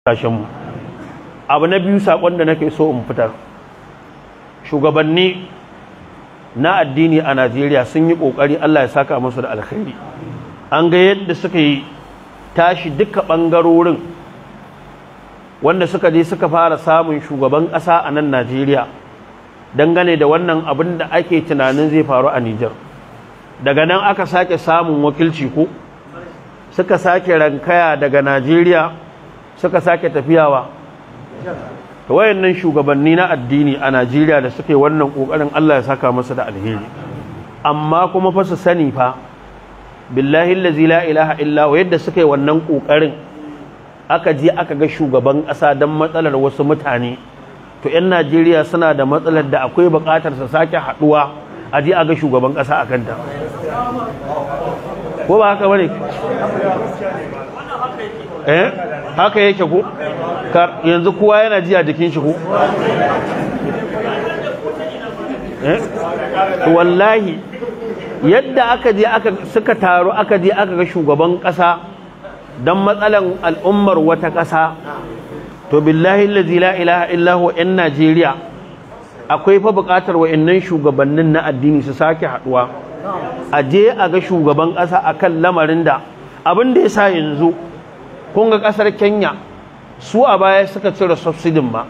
kashinmu abu na biyu sakon da nake so in fitar shugabanni na addini a najeriya sun yi ƙoƙari allah ya saka musu da alkhairi an ga yadda suka yi tashi duka ɓangarorin wanda suka je suka fara samun shugaban ƙasa a nan najeriya dangane da wannan abin da ake tunanin zai faru a nijar daga nan aka sake samun wakilci ko suka sake rankaya daga najeriya suka sake tafiyawa wayannan shugabanni na addini a Najeriya da suke wannan kokarin Allah ya saka masa da alheri amma kuma fa su sani fa billahi allazi la ilaha illa wa yadda suke wannan kokarin aka je aka ga shugaban ƙasa don matsalar wasu mutane to 'yan Najeriya suna da matsalar da akwai buƙatar su sake haɗuwa a je a ga shugaban ƙasa a kanta ko ba haka bane eh haka yake ku yanzu kowa yana ji a jikin shi ku eh? wallahi yadda aka je aka suka taru aka je aka ga shugaban ƙasa don matsalan al'ummar wata ƙasa to billahi allazi la ilaha illa yan najeriya akwai fa buƙatar wa'annan shugabannin na addini su sake haɗuwa a je a ga shugaban ƙasa akan lamarin da abin da ya sa yanzu kun ga kasar Kenya su a baya suka cire subsidin ma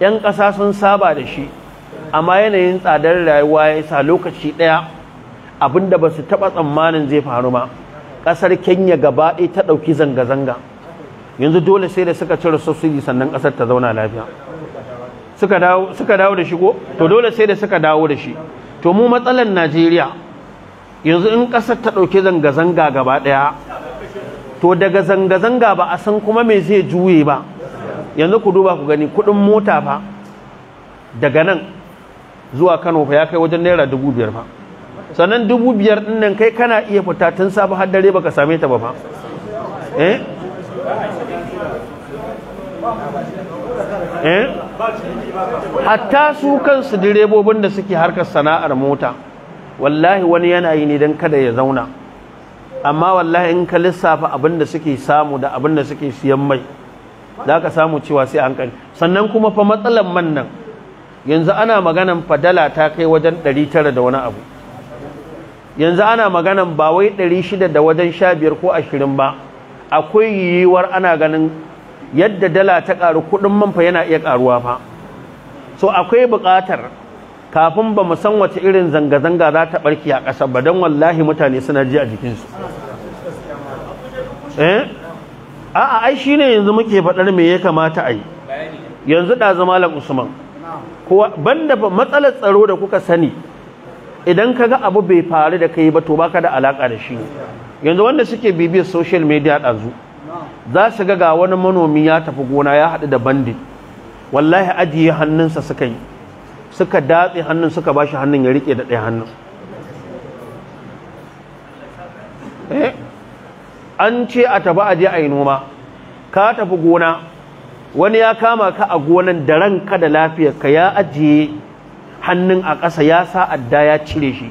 yan kasa sun saba da shi amma yanayin tsadar rayuwa ya sa lokaci daya abinda ba su taba tsammanin zai faru ba kasar Kenya gaba ɗaya ta ɗauki zanga-zanga yanzu dole sai da suka cire subsidi sannan kasar ta zauna lafiya suka dawo suka dawo da shi ko to dole sai da suka dawo da shi to mu matsalar Najeriya yanzu in kasar ta ɗauki zanga-zanga gaba ɗaya to daga zanga-zanga ba a san kuma me zai juye ba yanzu ku duba ku gani kuɗin mota fa daga nan zuwa kano fa ya kai wajen naira dubu biyar fa sannan dubu biyar ɗin nan kai kana iya fita tun sabu har dare ka same ta ba fa eh eh hatta su kansu direbobin da suke harkar sana'ar mota wallahi wani yana yi ne don kada ya zauna amma wallahi in ka lissafa abin da suke samu da abin da suke siyan mai za ka samu cewa sai an kai sannan kuma fa matsalan man nan yanzu ana maganan dala ta kai wajen 900 da wani abu yanzu ana maganan ba wai 600 da wajen 15 ko 20 ba akwai yiwuwar ana ganin yadda dala ta karu kudin man fa yana iya karuwa fa so akwai buƙatar kafin ba mu san wace irin zanga-zanga za ta barki a ƙasa ba don wallahi mutane suna ji a jikinsu su. Eh? a'a ai shine yanzu muke faɗar me ya kamata a yi yanzu da zama malam usman kowa banda matsalar tsaro da kuka sani idan ka ga abu bai faru da kai ba to baka da alaka da shi yanzu wanda suke bibiyar social media ɗazu za su ga ga wani manomi ya tafi gona ya haɗu da bandit wallahi ajiye hannunsa suka yi suka datse hannun suka ba shi hannun ya rike da ɗaya hannun eh, an ce a taba aje a yi noma ka tafi gona wani ya kama ka a gonan da ranka da ka ya ajiye hannun a ƙasa ya sa adda ya cire shi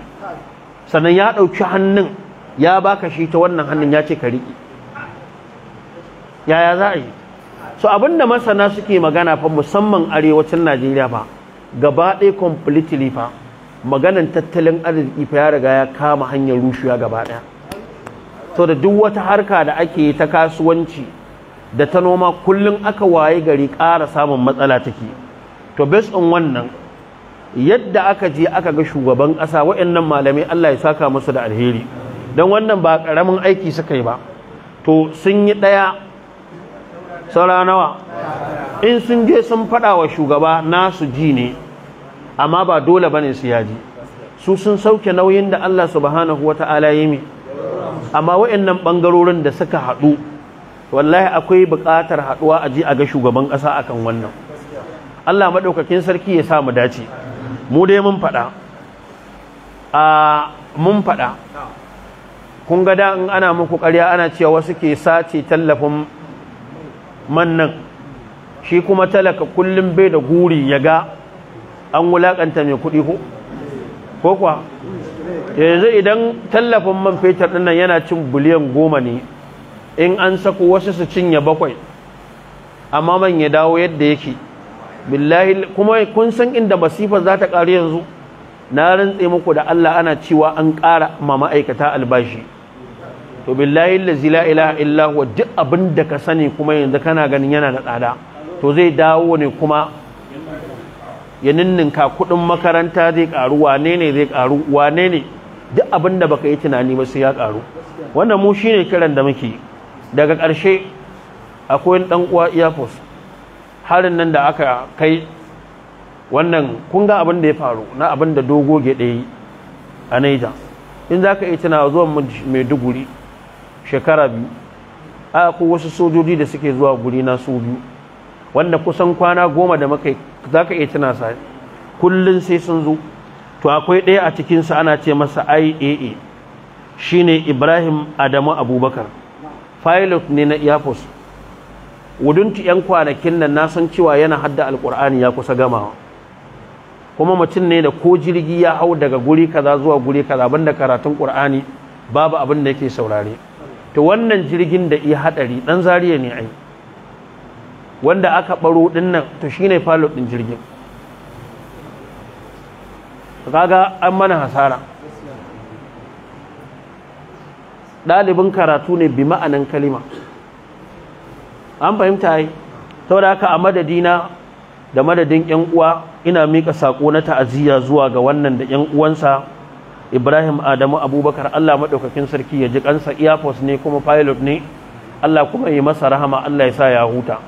sannan ya ɗauki hannun ya baka shi ta wannan hannun ya ce ka riƙe yaya za a yi so abinda masana suke magana fa musamman arewacin najeriya ba gaba ɗaya completely fa maganan tattalin arziki fa ya riga ya kama hanyar rushewa gaba ɗaya to da duk wata harka da ake ta kasuwanci da ta noma kullum aka waye gari ƙara samun matsala take to based on wannan yadda aka je aka ga shugaban ƙasa waɗannan malamai Allah ya saka musu da alheri don wannan ba ƙaramin aiki suka yi ba to sun yi ɗaya saura nawa in sun je sun faɗa wa shugaba nasu ji ne amma ba dole ba ne su yaji su sun sauke nauyin da Allah subhanahu wata'ala yi mi amma wayannan ɓangarorin da suka haɗu. wallahi akwai buƙatar haɗuwa a ji a ga shugaban ƙasa akan wannan Allah madaukakin sarki ya sa mu dace mu dai mun faɗa a mun faɗa kun ga da in ana muku ƙarya ana cewa wasu ke sace tallafin man nan shi kuma talaka kullum bai da guri ya ga an wulakanta mai kuɗi ko ko kuwa yanzu idan tallafin man fetur ɗin nan yana cin biliyan goma ne in an sako wasu su cinye bakwai amma man ya dawo yadda yake billahi kuma kun san inda masifa za ta ƙari yanzu na rantse muku da Allah ana cewa an ƙara ma ma'aikata albashi to billahi la ilaha illa huwa duk abin da ka sani kuma yanzu kana ganin yana da tsada to zai dawo ne kuma ya ninninka kudin makaranta zai karu. wane ne zai karu. wane ne duk abin da baka yi tunani ba sai ya karu. wannan mu shine kiran da muke daga karshe akwai dan uwa iyafos harin nan da aka kai wannan kun ga abin da ya faru na abin da dogo gede a Naija in za ka iya tuna zuwa Maiduguri shekara biyu a ko wasu sojoji da suke zuwa guri na su biyu wanda kusan kwana goma da muka za ka iya tuna sa kullum sai sun zo to akwai ɗaya a cikinsa ana ce masa IAA shine Ibrahim Adamu Abubakar pilot ne na Airport wuduntu 'yan kwanakin nan na san cewa yana hadda alkur'ani ya kusa gamawa kuma mutum ne da ko jirgi ya hau daga guri kaza zuwa guri kaza banda karatun ƙur'ani babu abin da yake saurare to wannan jirgin da iya hadari dan zariya ne ai wanda aka baro din nan to shine pilot din jirgin kaga an mana hasara ɗalibin karatu ne bi ma'anan kalima an fahimta yi saboda haka a madadina da madadin yan uwa ina mika sako na ta'aziyya zuwa ga wannan da yan uwansa Ibrahim Adamu Abubakar Allah madaukakin sarki ya ji kansa airforce ne kuma pilot ne Allah kuma yi masa rahama Allah ya sa ya huta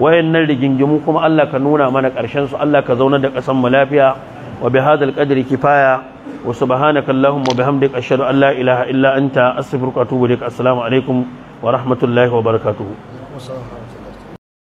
wayannan rigingimu kuma Allah ka nuna mana ƙarshen su Allah ka zauna da ƙasar mu lafiya wa bihadal qadri kifaya wa subhanaka allahumma bihamdika ashhadu an la ilaha illa anta astaghfiruka wa atubu ilaik assalamu alaikum wa rahmatullahi wa barakatuh